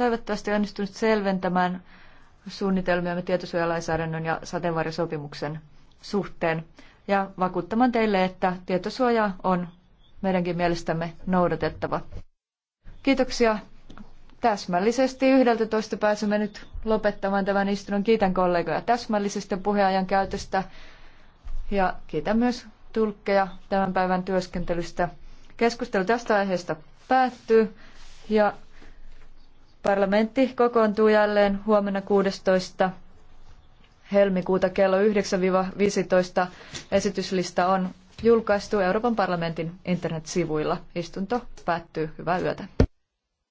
toivottavasti onnistunut selventämään suunnitelmia tietosuojalainsäädännön ja sateenvarjosopimuksen suhteen ja vakuuttamaan teille, että tietosuoja on meidänkin mielestämme noudatettava. Kiitoksia täsmällisesti yhdeltä toista pääsemme nyt lopettamaan tämän istunnon. Kiitän kollegoja täsmällisestä puheajan käytöstä ja kiitän myös tulkkeja tämän päivän työskentelystä. Keskustelu tästä aiheesta päättyy ja Parlamentti kokoontuu jälleen huomenna 16. helmikuuta kello 9-15. Esityslista on julkaistu Euroopan parlamentin internetsivuilla. Istunto päättyy. Hyvää yötä.